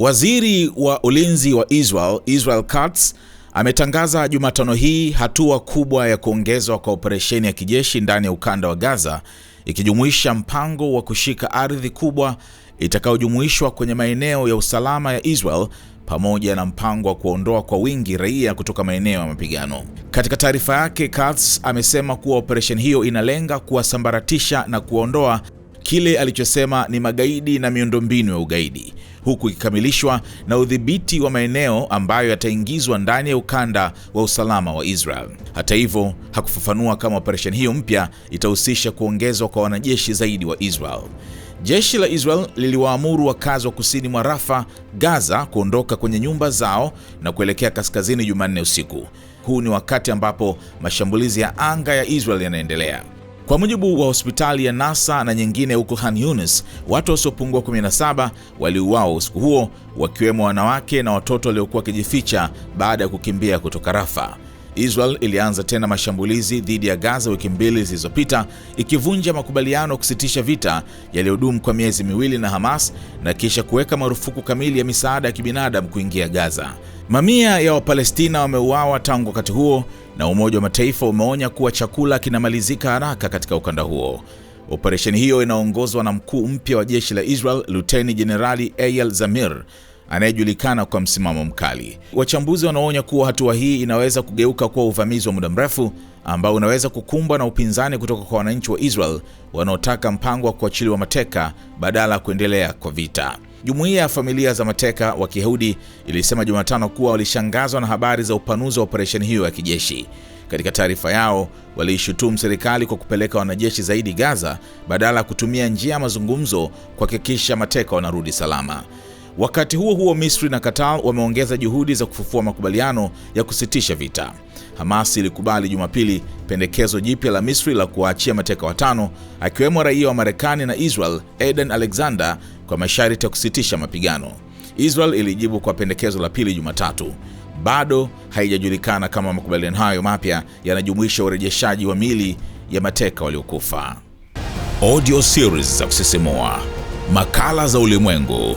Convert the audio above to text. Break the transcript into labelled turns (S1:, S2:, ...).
S1: Waziri wa ulinzi wa Israel, Israel Katz, ametangaza Jumatano hii hatua kubwa ya kuongezwa kwa operesheni ya kijeshi ndani ya ukanda wa Gaza, ikijumuisha mpango wa kushika ardhi kubwa itakayojumuishwa kwenye maeneo ya usalama ya Israel pamoja na mpango wa kuondoa kwa wingi raia kutoka maeneo ya mapigano. Katika taarifa yake, Katz amesema kuwa operesheni hiyo inalenga kuwasambaratisha na kuondoa kile alichosema ni magaidi na miundombinu ya ugaidi huku ikikamilishwa na udhibiti wa maeneo ambayo yataingizwa ndani ya ukanda wa usalama wa Israel. Hata hivyo, hakufafanua kama operesheni hiyo mpya itahusisha kuongezwa kwa wanajeshi zaidi wa Israel. Jeshi la Israel liliwaamuru wakazi wa kusini mwa Rafa, Gaza, kuondoka kwenye nyumba zao na kuelekea kaskazini Jumanne usiku. Huu ni wakati ambapo mashambulizi ya anga ya Israel yanaendelea. Kwa mujibu wa hospitali ya Nasa na nyingine huko Khan Yunis, watu wasiopungua 17 waliuawa usiku huo, wakiwemo wanawake na watoto waliokuwa wakijificha baada ya kukimbia kutoka Rafa. Israel ilianza tena mashambulizi dhidi ya Gaza wiki mbili zilizopita, ikivunja makubaliano ya kusitisha vita yaliyodumu kwa miezi miwili na Hamas na kisha kuweka marufuku kamili ya misaada ya kibinadamu kuingia Gaza. Mamia ya Wapalestina wameuawa tangu wakati huo na Umoja wa Mataifa umeonya kuwa chakula kinamalizika haraka katika ukanda huo. Operesheni hiyo inaongozwa na mkuu mpya wa jeshi la Israel, Luteni Jenerali Eyal Zamir anayejulikana kwa msimamo mkali. Wachambuzi wanaonya kuwa hatua hii inaweza kugeuka kuwa uvamizi wa muda mrefu ambao unaweza kukumbwa na upinzani kutoka kwa wananchi wa Israel wanaotaka mpango wa kuachiliwa mateka badala ya kuendelea kwa vita. Jumuiya ya familia za mateka wa Kiyahudi ilisema Jumatano kuwa walishangazwa na habari za upanuzi wa operesheni hiyo ya kijeshi. Katika taarifa yao, waliishutumu serikali kwa kupeleka wanajeshi zaidi Gaza badala ya kutumia njia ya mazungumzo kuhakikisha mateka wanarudi salama. Wakati huo huo, Misri na Qatar wameongeza juhudi za kufufua makubaliano ya kusitisha vita. Hamas ilikubali Jumapili pendekezo jipya la Misri la kuwaachia mateka watano akiwemo raia wa Marekani na Israel Aden Alexander kwa masharti ya kusitisha mapigano. Israel ilijibu kwa pendekezo la pili Jumatatu. Bado haijajulikana kama makubaliano hayo mapya yanajumuisha urejeshaji wa mili ya mateka waliokufa.
S2: Audio series za kusisimua, makala za ulimwengu